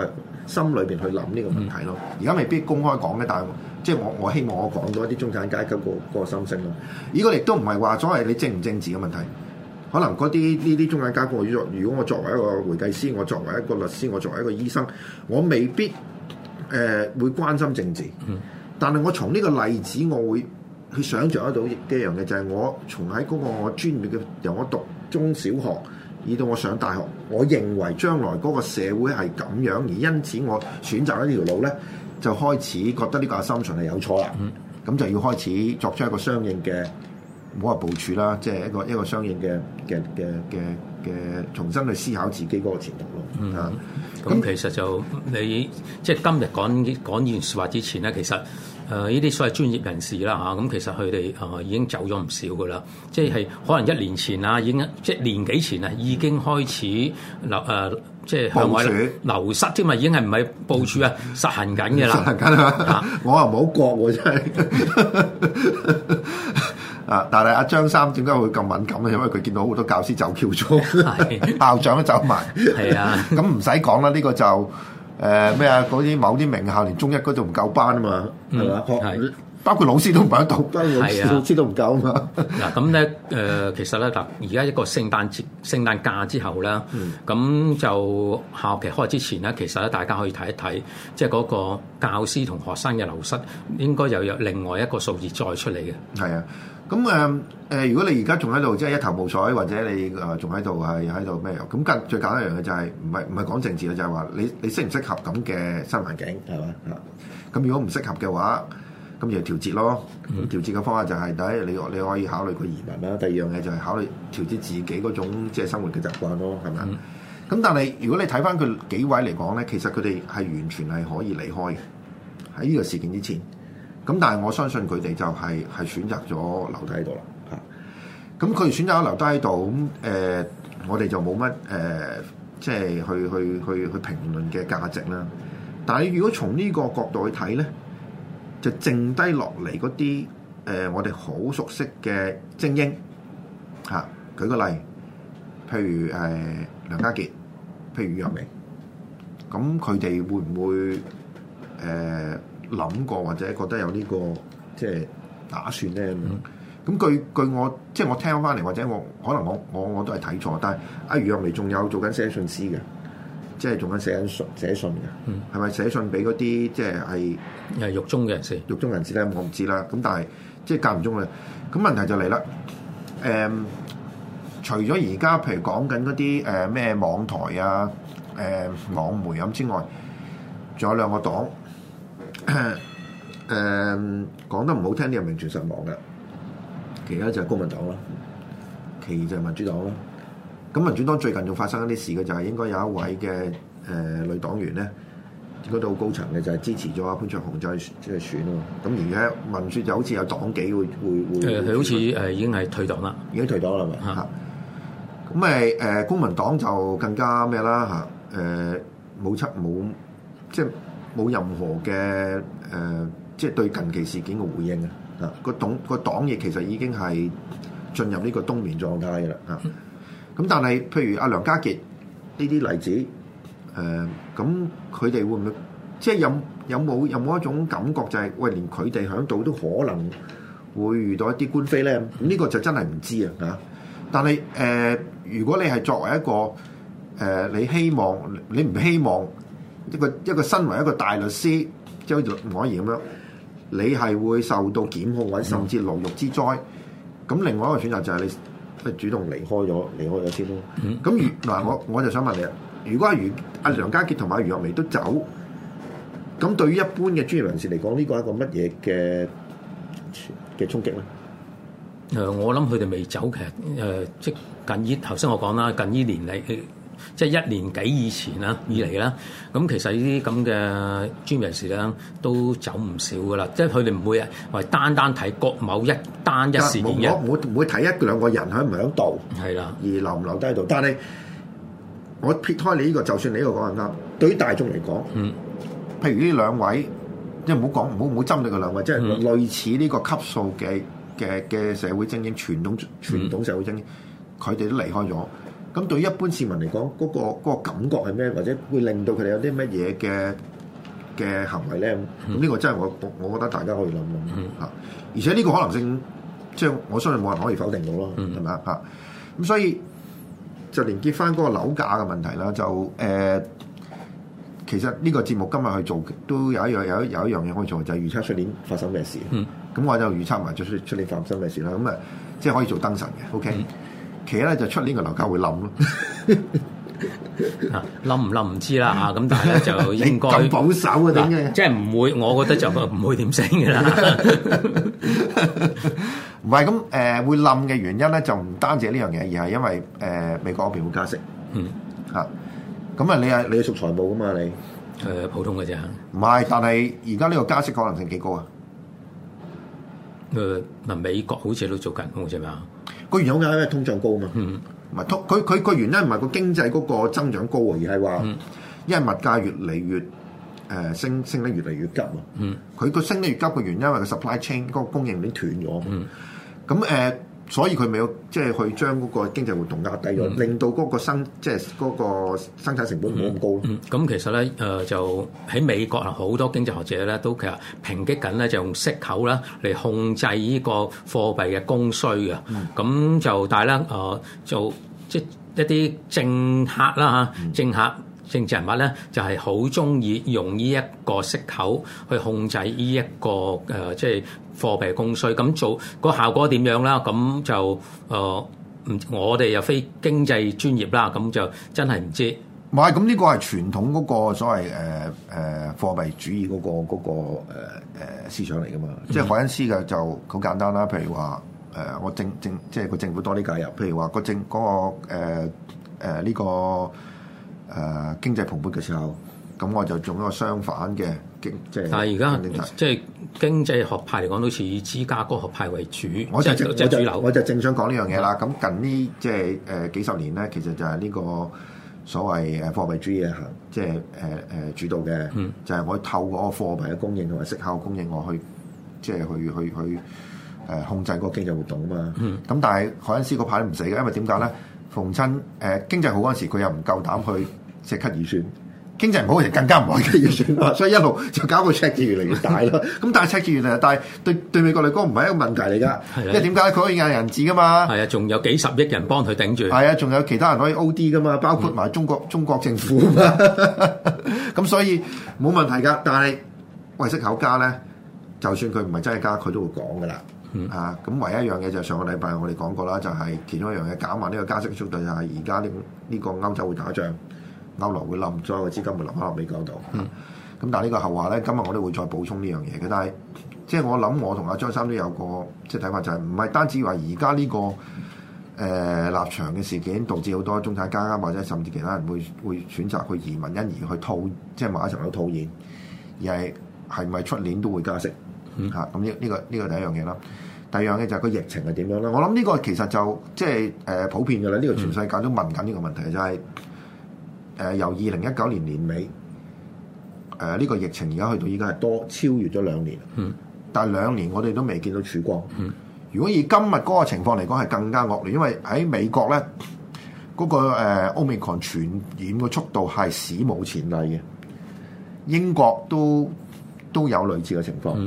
心裏邊去諗呢個問題咯。而家、嗯、未必公開講咧，但係即係我我希望我講到啲中產階級、啊、個個心聲咯。呢個亦都唔係話所謂你政唔政治嘅問題。可能嗰啲呢啲中間階級，我作如果我作為一個會計師，我作為一個律師，我作為一個醫生，我未必誒、呃、會關心政治。但係我從呢個例子，我會去想象得到嘅一樣嘢，就係、是、我從喺嗰個我專業嘅，由我讀中小學，以到我上大學，我認為將來嗰個社會係咁樣，而因此我選擇一條路咧，就開始覺得呢個心腸係有錯啦。咁就要開始作出一個相應嘅。唔好話部署啦，即係一個一個相應嘅嘅嘅嘅嘅重新去思考自己嗰個前途咯。嗯，咁、啊嗯、其實就你即係今日講講完說話之前咧，其實誒呢啲所謂專業人士啦嚇，咁、啊、其實佢哋誒已經走咗唔少噶啦，即係可能一年前啊，已經即係年幾前啊，已經開始流誒、呃、即係向外流失添啊，署已經係唔係部署啊，實行緊嘅啦。實行緊啊！我又唔好講喎，真係。 啊！但係阿張三點解會咁敏感咧？因為佢見到好多教師走橋咗，啊、校長都走埋。係啊，咁唔使講啦，呢、呢個就誒咩啊？嗰、呃、啲某啲名校連中一嗰度唔夠班啊嘛，係嘛？包括老師都唔夠，包括老老師都唔夠啊嘛。嗱咁咧誒，其實咧嗱，而家一個聖誕節、聖誕假之後咧，咁、嗯、就下學期開之前咧，其實咧大家可以睇一睇，即係嗰個教師同學生嘅流失，應該又有另外一個數字再出嚟嘅。係啊。咁誒誒，如果你而家仲喺度，即係一頭霧水，或者你誒仲喺度係喺度咩？咁、呃、近最簡單一樣嘢就係唔係唔係講政治嘅，就係、是、話你你適唔適合咁嘅新環境係嘛？咁、嗯、吧如果唔適合嘅話，咁就調節咯。調節嘅方法就係第一，你你可以考慮佢移民啦；第二樣嘢就係考慮調節自己嗰種即係生活嘅習慣咯，係咪？咁、嗯、但係如果你睇翻佢幾位嚟講咧，其實佢哋係完全係可以離開嘅喺呢個事件之前。咁但係我相信佢哋就係係選擇咗留低喺度啦嚇。咁佢哋選擇咗留低喺度，咁誒我哋就冇乜誒，即係去去去去評論嘅價值啦。但係如果從呢個角度去睇咧，就剩低落嚟嗰啲誒，我哋好熟悉嘅精英嚇。舉個例，譬如誒梁家傑，譬如楊明，咁佢哋會唔會誒？諗過或者覺得有呢、這個即係打算咧？咁、嗯、據據我即係我聽翻嚟，或者我可能我我我都係睇錯，但係阿余若薇仲有做緊寫信師嘅，即係做緊寫緊信寫信嘅、嗯，嗯，係咪寫信俾嗰啲即係係係獄中嘅人士？獄中人士咧，我唔知啦。咁但係即係間唔中嘅。咁問題就嚟啦。誒，除咗而家譬如講緊嗰啲誒咩網台啊、誒、呃、網媒咁之外，仲有兩個黨。誒，講、 嗯、得唔好聽啲，係名存實亡嘅。其一就係公民黨啦，其二就係民主黨咯。咁民主黨最近仲發生一啲事嘅，就係、是、應該有一位嘅誒女黨員咧，應該都高層嘅，就係支持咗阿潘卓雄再去再去選咯。咁而家民主就好似有黨紀會會會，誒，好似誒已經係退黨啦，已經退黨啦，係咪？吓，咁咪誒公民黨就更加咩啦吓，誒冇出冇即係。冇任何嘅誒，即係對近期事件嘅回應啊！個黨個黨亦其實已經係進入呢個冬眠狀態嘅啦啊！咁但係，譬如阿梁家傑呢啲例子誒，咁佢哋會唔會即係有有冇有冇一種感覺就係喂，連佢哋響度都可能會遇到一啲官非咧？咁呢個就真係唔知啊！啊！但係誒，如果你係作為一個誒，你希望你唔希望？一個一個身為一個大律師，即好似吳靄儀咁樣，你係會受到檢控或者甚至牢獄之災。咁另外一個選擇就係你主動離開咗，離開咗先咯。咁如嗱，我我就想問你，如果阿余阿梁家傑同埋余若薇都走，咁對於一般嘅專業人士嚟講，呢個係一個乜嘢嘅嘅衝擊咧？誒、呃，我諗佢哋未走嘅其實，誒、呃、即近依頭先我講啦，近依年嚟。即係一年幾以前啦，以嚟啦，咁其實呢啲咁嘅專業人士咧都走唔少㗎喇，即係佢哋唔會係單單睇國某一單一事件，我唔會唔會睇一兩個人喺唔喺度，係啦，而留唔留低喺度。但係我撇開你呢、呢個，就算你呢個講人啦，對於大眾嚟講，嗯，譬如呢兩位，即係唔好講，唔好唔好針對佢兩位，即係類似呢個級數嘅嘅嘅社會精英，傳統傳統社會精英，佢哋、嗯、都離開咗。咁對於一般市民嚟講，嗰、嗰個嗰個感覺係咩？或者會令到佢哋有啲乜嘢嘅嘅行為咧？咁、嗯、呢個真係我我覺得大家可以諗諗吓。嗯、而且呢個可能性，即、就、係、是、我相信冇人可以否定到咯，係咪啊？吓咁吧、嗯、所以就連結翻嗰個樓價嘅問題啦。就誒、呃，其實呢個節目今日去做都有一樣有有一樣嘢可以做，就係、是、預測出年發生咩事。咁、嗯、我就預測埋出出年發生咩事啦。咁啊、嗯，即係可以做燈神嘅。O、okay? K、嗯。企咧就出年個樓價會冧咯，冧唔冧唔知啦嚇。咁、啊、但係就應該 保守啊，點嘅、啊？即係唔會，我覺得就唔會點升嘅啦。唔係咁，誒、呃、會冧嘅原因咧就唔單止係呢樣嘢，而係因為誒、呃、美國嗰邊會加息。嗯，嚇。咁啊，你係、啊、你屬財務噶嘛？你誒、呃、普通嘅啫。唔係，但係而家呢個加息可能性幾高啊？誒，嗱，美國好似都做緊，好似係嘛？個原因係因為通脹高啊嘛，唔係通，佢佢個原因唔係個經濟嗰個增長高，而係話，嗯、因為物價越嚟越誒、呃、升，升得越嚟越急啊。佢個、嗯、升得越急嘅原因係個 supply chain 嗰個供應鏈斷咗。咁誒、嗯。嗯呃所以佢未有即係、就是、去將嗰個經濟活動壓低咗，令到嗰個生即係嗰個生產成本唔好咁高咯。咁、嗯嗯嗯、其實咧，誒、呃、就喺美國啊，好多經濟學者咧都其實抨擊緊咧，就用息口啦嚟控制呢個貨幣嘅供需啊。咁、嗯、就但係咧，誒、呃、就即係一啲政客啦嚇，政客政治人物咧就係好中意用呢一個息口去控制呢、這、一個誒、呃、即係。貨幣供應咁做、個效果點樣啦？咁就誒，唔、呃、我哋又非經濟專業啦，咁就真係唔知。唔係咁呢個係傳統嗰個所謂誒誒、呃呃、貨幣主義嗰、嗰個嗰、嗰個思想嚟噶嘛？即係凱恩斯嘅就好簡單啦。譬如話誒、呃，我政政即係個政府多啲介入，譬如話、個政嗰、呃呃這個誒呢個誒經濟蓬勃嘅時候，咁我就做一個相反嘅。但係而家即係經濟學派嚟講，都似芝加哥學派為主。我就就主流我就，我就正想講呢樣嘢啦。咁是的 近呢即係誒幾十年咧，其實就係呢個所謂誒貨幣主義嘅即係誒誒主導嘅，是的 就係我透過個貨幣嘅供應同埋息口供應我去即係、就是、去去去誒控制個經濟活動啊嘛。咁是的 但係凱恩斯嗰派唔死嘅，因為點解咧？逢親誒經濟好嗰陣時，佢又唔夠膽去即刻預算。經濟唔好嘅人更加唔可以。嘢 算所以一路就搞個赤字越嚟越大咯。咁、 嗯、但係赤字越嚟越大，對對美國嚟講唔係一個問題嚟噶，的因為點解佢可以嗌人紙噶嘛。係啊，仲有幾十億人幫佢頂住。係啊，仲有其他人可以 O D 噶嘛，包括埋中國、嗯、中國政府。嘛。咁、 嗯 嗯、所以冇問題噶。但係，外息口加咧，就算佢唔係真係加，佢都會講噶啦。嗯、啊，咁唯一一樣嘢就係上個禮拜我哋講過啦，就係、是、其中一樣嘢搞埋呢個加息速度，就係而家呢呢個歐洲會打仗，歐羅會冧，咗，所有嘅資金會流翻落美國度。咁、嗯嗯、但係呢個後話咧，今日我哋會再補充呢樣嘢嘅。但係，即係我諗，我同阿張生都有個即係睇法，就係唔係單止話而家呢個誒、呃、立場嘅事件導致好多中產階級或者甚至其他人會會選擇去移民，因而去套，即係買一層樓套現，而係係咪出年都會加息？嚇、嗯嗯，咁呢呢個呢、這個第一樣嘢啦。第二樣嘢就係個疫情係點樣啦。我諗呢個其實就即係誒普遍嘅啦。呢、這個全世界都問緊呢個問題就係。這個嗯誒、呃、由二零一九年年尾，誒、呃、呢、這個疫情而家去到依家係多超越咗兩年，嗯、但兩年我哋都未見到曙光。嗯、如果以今日嗰個情況嚟講，係更加惡劣，因為喺美國咧，嗰、那個誒 Omicron 傳染嘅速度係史無前例嘅。英國都都有類似嘅情況，咁、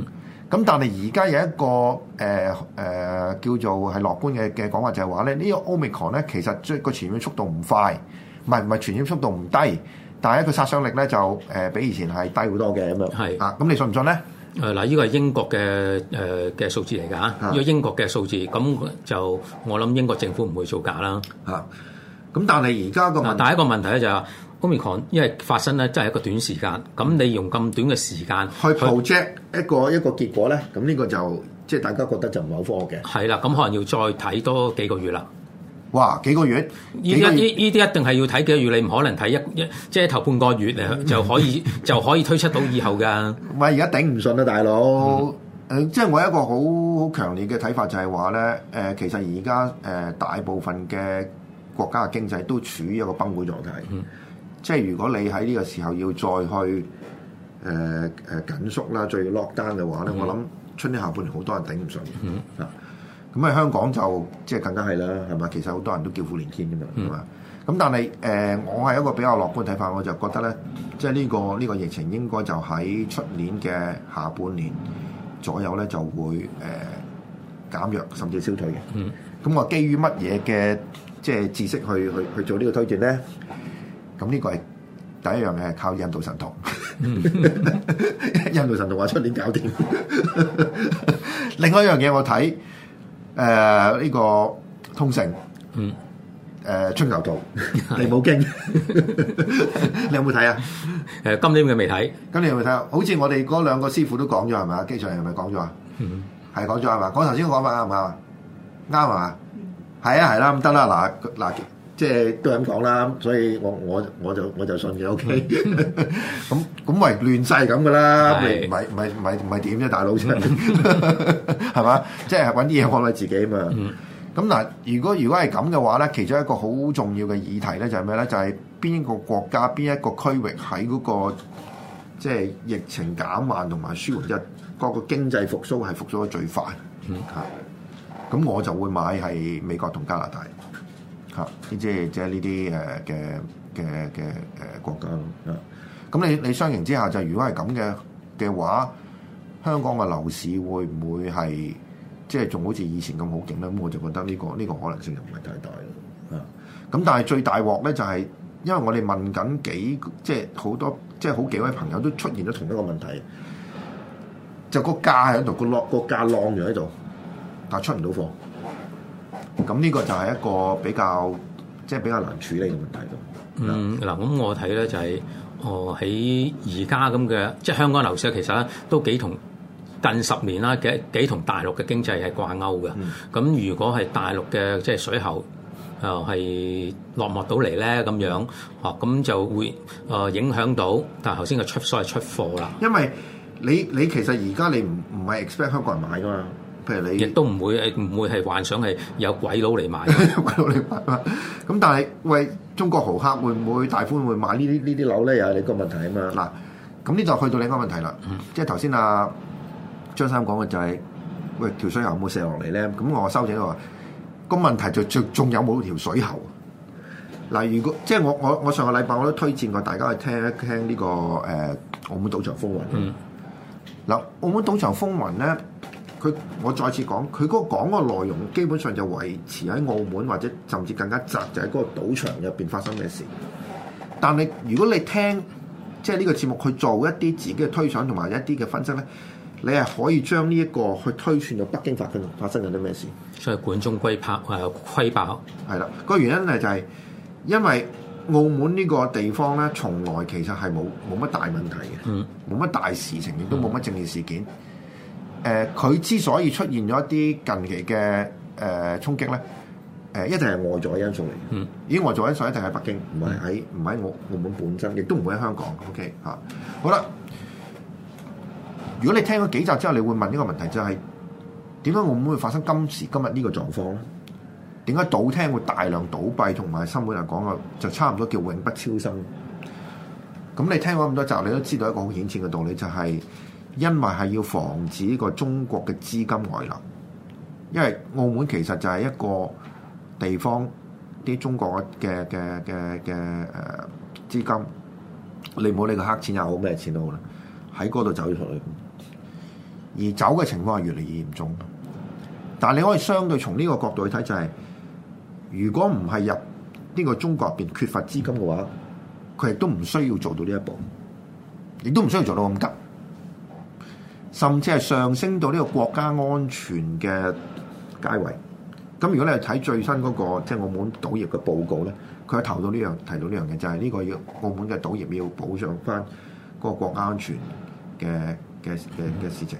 嗯、但係而家有一個誒誒、呃呃、叫做係樂觀嘅嘅講法就係話咧，呢、這個 Omicron 咧其實即係個傳染速度唔快。唔係唔係傳染速度唔低，但係一個殺傷力咧就誒比以前係低好多嘅咁樣。係是啊，咁你信唔信咧？誒嗱，呢個係英國嘅誒嘅數字嚟㗎嚇。如果英國嘅數字，咁、啊、就我諗英國政府唔會造假啦。嚇、啊！咁但係而家個問題，第一個問題咧就係奧密克，因為發生咧真係一個短時間，咁你用咁短嘅時間去 project 一個去一個結果咧，咁呢個就即係、就是、大家覺得就唔係好科學嘅。係啦，咁可能要再睇多幾個月啦。哇幾個月？依家啲依啲一定係要睇幾個月，你唔可能睇一即一即係頭半個月就可以 就可以推出到以後㗎。喂，而家頂唔順啊，大佬！誒、嗯呃，即係我有一個好好強烈嘅睇法就係話咧，誒、呃，其實而家誒大部分嘅國家經濟都處於一個崩潰狀態。嗯、即係如果你喺呢個時候要再去誒誒、呃、緊縮啦，再要 lockdown 嘅話咧，嗯、我諗春天下半年好多人頂唔順嘅。嗯咁喺香港就即係更加係啦，係咪？其實好多人都叫苦連天㗎嘛，係嘛？咁但係誒，我係一個比較樂觀睇法，我就覺得咧，即係呢個呢個疫情應該就喺出年嘅下半年左右咧就會誒減弱甚至消退嘅。嗯。咁我基於乜嘢嘅即係知識去去去做呢個推薦咧？咁呢個係第一樣嘢係靠印度神童。印度神童話出年搞掂。另外一樣嘢我睇。誒呢個通勝，嗯，誒春牛道你冇驚，你有冇睇啊？誒今年嘅未睇，今年未睇啊？好似我哋嗰兩個師傅都講咗係咪啊？機場人係咪講咗啊？嗯，係講咗係嘛？講頭先嘅講法係咪啊？啱係嘛？係啊係啦，咁得啦，嗱嗱。即係都係咁講啦，所以我我我就我就信嘅 O K，咁咁咪亂曬咁嘅啦，咪咪咪咪咪點啫？大佬真係，係 嘛？即係揾啲嘢安慰自己啊嘛。咁嗱，如果如果係咁嘅話咧，其中一個好重要嘅議題咧就係咩咧？就係邊個國家、邊一個區域喺嗰個即係疫情減慢同埋舒緩，即係個個經濟復甦係復甦得最快。嗯，咁我就會買係美國同加拿大。嚇、啊！即係即係呢啲誒嘅嘅嘅誒國家咯。咁、啊、你你相形之下就如果係咁嘅嘅話，香港嘅樓市會唔會係即係仲好似以前咁好勁咧？咁我就覺得呢個呢個可能性就唔係太大啦。啊！咁、啊、但係最大鑊咧就係，因為我哋問緊幾即係好多即係好幾位朋友都出現咗同一個問題，就個價喺度，個、個、浪個價晾住喺度，但係出唔到貨。咁呢個就係一個比較即係、就是、比較難處理嘅問題咯。嗯，嗱、就是，咁我睇咧就係，哦喺而家咁嘅，即係香港樓市其實咧都幾同近十年啦，幾幾同大陸嘅經濟係掛鈎嘅。咁、嗯、如果係大陸嘅即係水喉，誒、呃、係落寞到嚟咧，咁樣，哦、呃、咁就會誒、呃、影響到。但係頭先嘅出所謂出貨啦。因為你你其實而家你唔唔係 expect 香港人買噶嘛。亦都唔會唔會係幻想係有鬼佬嚟買，鬼佬嚟買嘛？咁但係喂，中國豪客會唔會大款會買樓呢啲呢啲樓咧？又係你個問題啊嘛。嗱，咁呢就去到另一個問題啦。嗯、即係頭先阿張三講嘅就係、是、喂，條水喉有冇射落嚟咧？咁我收整我個問題就着仲有冇條水喉？嗱，如果即係我我我上個禮拜我都推薦過大家去聽一聽呢、這個誒、呃、澳門賭場風雲。嗱、嗯，澳門賭場風雲咧。呢佢我再次講，佢嗰個講個內容基本上就維持喺澳門或者甚至更加窄，就喺嗰個賭場入邊發生咩事。但你如果你聽即係呢個節目，去做一啲自己嘅推想同埋一啲嘅分析咧，你係可以將呢一個去推算到北京發生發生緊啲咩事？所以管中窺豹啊，窺豹係啦。個原因係就係、是、因為澳門呢個地方咧，從來其實係冇冇乜大問題嘅，冇乜、嗯、大事情，亦都冇乜政治事件。嗯嗯誒佢、呃、之所以出現咗一啲近期嘅誒衝擊咧，誒、呃、一定係外在因素嚟嘅。嗯，咦，外在因素一定喺北京？唔喺，唔喺我澳門本身，亦都唔會喺香港。OK 嚇、啊，好啦。如果你聽咗幾集之後，你會問呢個問題、就是，就係點解澳門會發生今時今日呢個狀況？點解賭廳會大量倒閉，同埋新聞人講嘅就差唔多叫永不超生？咁你聽咗咁多集，你都知道一個好顯淺嘅道理、就是，就係。因為係要防止呢個中國嘅資金外流，因為澳門其實就係一個地方，啲中國嘅嘅嘅嘅誒資金，你唔好理佢黑錢又好，咩錢都好啦，喺嗰度走咗出去，而走嘅情況係越嚟越嚴重。但係你可以相對從呢個角度去睇，就係如果唔係入呢個中國入面缺乏資金嘅話，佢亦都唔需要做到呢一步，亦都唔需要做到咁急。甚至係上升到呢個國家安全嘅階位。咁如果你係睇最新嗰、那個即係、就是、澳門賭業嘅報告咧，佢係投到呢、這、樣、個、提到呢樣嘅，就係、是、呢個要澳門嘅賭業要保障翻嗰個國家安全嘅嘅嘅嘅事情。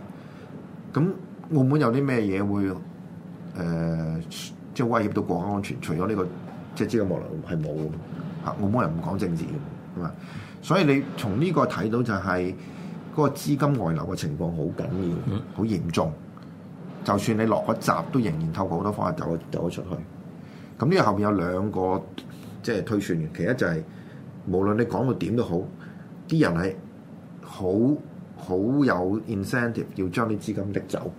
咁澳門有啲咩嘢會誒、呃、即係威脅到國家安全？除咗呢、這個即係資金外流係冇嘅。吓，澳門人唔講政治嘅嘛。所以你從呢個睇到就係、是。嗰個資金外流嘅情況好緊要，好嚴重。就算你落個閘，都仍然透過好多方法走走咗出去。咁呢個後面有兩個即係推算嘅，其一就係、是、無論你講到點都好，啲人係好好有 incentive 要將啲資金拎走。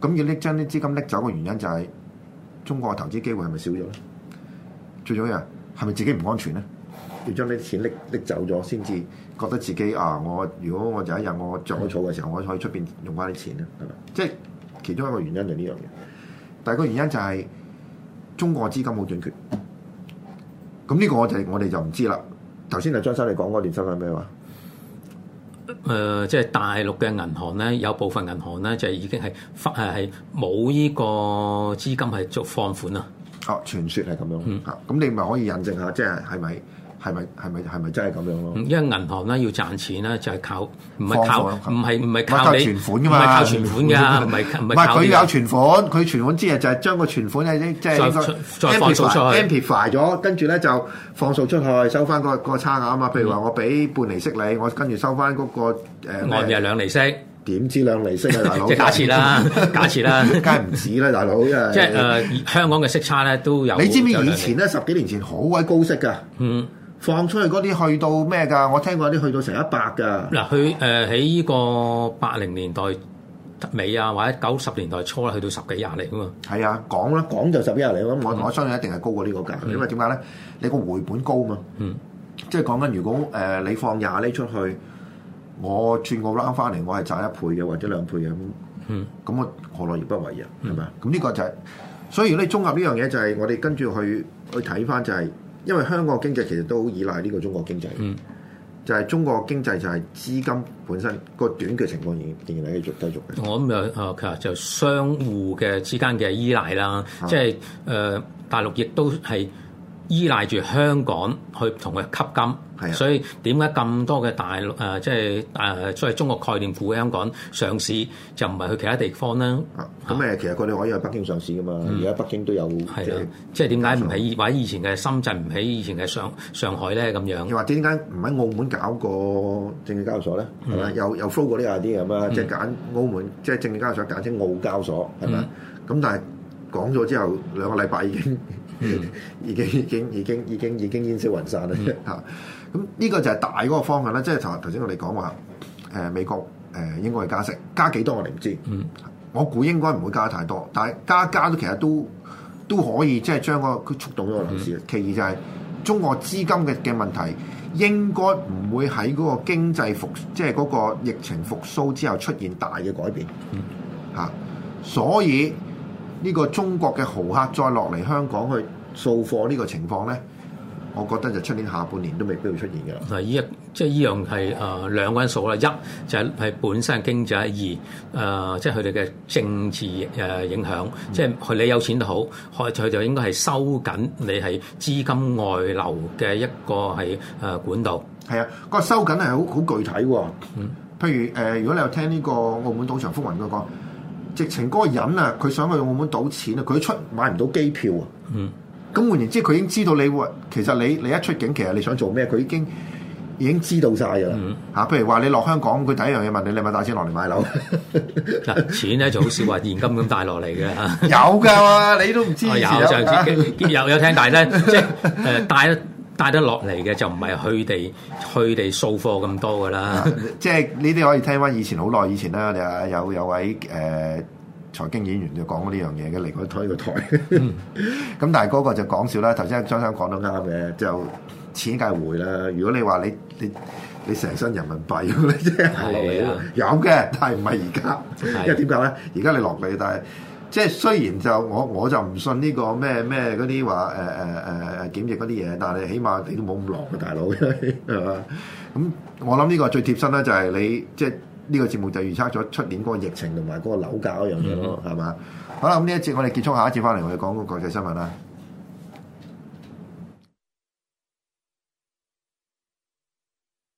咁要拎將啲資金拎走嘅原因就係、是、中國嘅投資機會係咪少咗咧？最左邊係咪自己唔安全咧？要將啲錢拎拎走咗先至。覺得自己啊，我如果我就一日我着咗草嘅時候，的我可以出邊用翻啲錢咧，係咪？即係其中一個原因就係呢樣嘢。第二個原因就係中國嘅資金好短缺。咁呢個我就我哋就唔知啦。頭先啊張生你講嗰段新聞咩話？誒、呃，即、就、係、是、大陸嘅銀行咧，有部分銀行咧就係、是、已經係發係係冇呢個資金係做放款啊。哦，傳説係咁樣。嗯。咁、啊、你咪可以引證下，即係係咪？是係咪係咪係咪真係咁樣咯？因為銀行咧要賺錢咧，就係靠唔係靠唔係唔係靠你，唔係靠存款噶嘛，唔係唔係佢有存款。佢存款之後就係將個存款咧，即係 amplify 咗，跟住咧就放數出去收翻嗰個嗰個差額啊嘛。譬如話我俾半釐息你，我跟住收翻嗰個誒外面係兩釐息，點知兩釐息啊，大佬？假設啦，假設啦，梗係唔止啦，大佬，即係誒香港嘅息差咧都有。你知唔知以前咧十幾年前好鬼高息噶？嗯。放出去嗰啲去到咩噶？我聽過啲去到成一百噶。嗱，佢誒喺呢個八零年代尾啊，或者九十年代初啦，去到十幾廿釐啊嘛。係啊，講啦，講就十幾廿釐，咁我同我相信一定係高過呢個價，因、嗯、為點解咧？你個回本高啊嘛。嗯。即係講緊，如果誒、呃、你放廿釐出去，我轉個 round 翻嚟，我係賺一倍嘅或者兩倍嘅咁。咁、嗯、我何樂而不為啊？係咪啊？咁呢個就係、是，所以如果你綜合呢樣嘢就係、是、我哋跟住去去睇翻就係、是。因為香港經濟其實都好依賴呢個中國經濟，嗯、就係中國經濟就係資金本身個短缺情況仍仍然係繼續繼續我咁又哦，其、啊、實就相互嘅之間嘅依賴啦，啊、即係誒、呃、大陸亦都係。依賴住香港去同佢吸金，所以點解咁多嘅大陸誒，即係誒，所謂中國概念股喺香港上市，就唔係去其他地方咧？咁誒，其實佢哋可以喺北京上市噶嘛？而家北京都有，係即係點解唔喺以，唔喺以前嘅深圳，唔喺以前嘅上上海咧咁樣？又或者點解唔喺澳門搞個證券交易所咧？係咪又又 follow 呢下啲咁啦？即係揀澳門，即係證券交易所簡稱澳交所，係咪？咁但係講咗之後兩個禮拜已經。 已經已經已經已經已經煙消雲散啦嚇。咁呢、嗯 嗯、個就係大嗰個方向啦，即係頭頭先我哋講話誒美國誒應該係加息，加幾多我哋唔知，嗯、我估應該唔會加太多，但係加加都其實都都可以，即係將嗰個佢觸動咗個樓市。嗯、其二就係中國資金嘅嘅問題，應該唔會喺嗰個經濟復，即係嗰個疫情復甦之後出現大嘅改變嚇、嗯嗯，所以。呢個中國嘅豪客再落嚟香港去掃貨，呢個情況咧，我覺得就出年下半年都未必會出現嘅、啊。嗱、那個，依一、啊、即係依樣係誒兩個人數啦，一就係係本身經濟，二誒即係佢哋嘅政治誒影響。即係你有錢都好，佢就應該係收緊你係資金外流嘅一個係誒、啊、管道。係啊，嗰個收緊係好好具體喎。嗯、啊。譬如誒、呃，如果你有聽呢個澳門賭場風雲嗰個？直情嗰個人啊，佢想去澳門賭錢啊，佢出買唔到機票啊。嗯。咁換言之，佢已經知道你，其實你你一出境，其實你想做咩？佢已經已經知道晒㗎喇。嚇、嗯啊，譬如話你落香港，佢第一樣嘢問你，你咪帶錢落嚟買樓？嗱， 錢咧就好似話現金咁帶落嚟嘅。有㗎喎、啊，你都唔知。有有聽大聲，即係誒、呃、帶。帶得落嚟嘅就唔係佢哋佢哋掃貨咁多㗎啦、啊，即係呢啲可以聽翻以前好耐以前啦，又又有，有位誒、呃、財經演員就講過呢樣嘢嘅，離開咗個台，咁、嗯、 但係嗰個就講笑啦，頭先張生講得啱嘅，就錢梗係會啦，如果你話你你你成身人民幣， 你真係落嚟啊，有嘅，但係唔係而家，是啊、因為點解咧？而家你落嚟，但係。即係雖然就我我就唔信呢個咩咩嗰啲話誒誒誒誒檢疫嗰啲嘢，但係起碼你都冇咁狼嘅大佬，係 嘛？咁我諗呢個最貼身咧就係你即係呢個節目就預測咗出年嗰個疫情同埋嗰個樓價嗰樣嘢咯，係嘛？好啦，咁呢一節我哋結束，下一節翻嚟我哋講講國際新聞啦。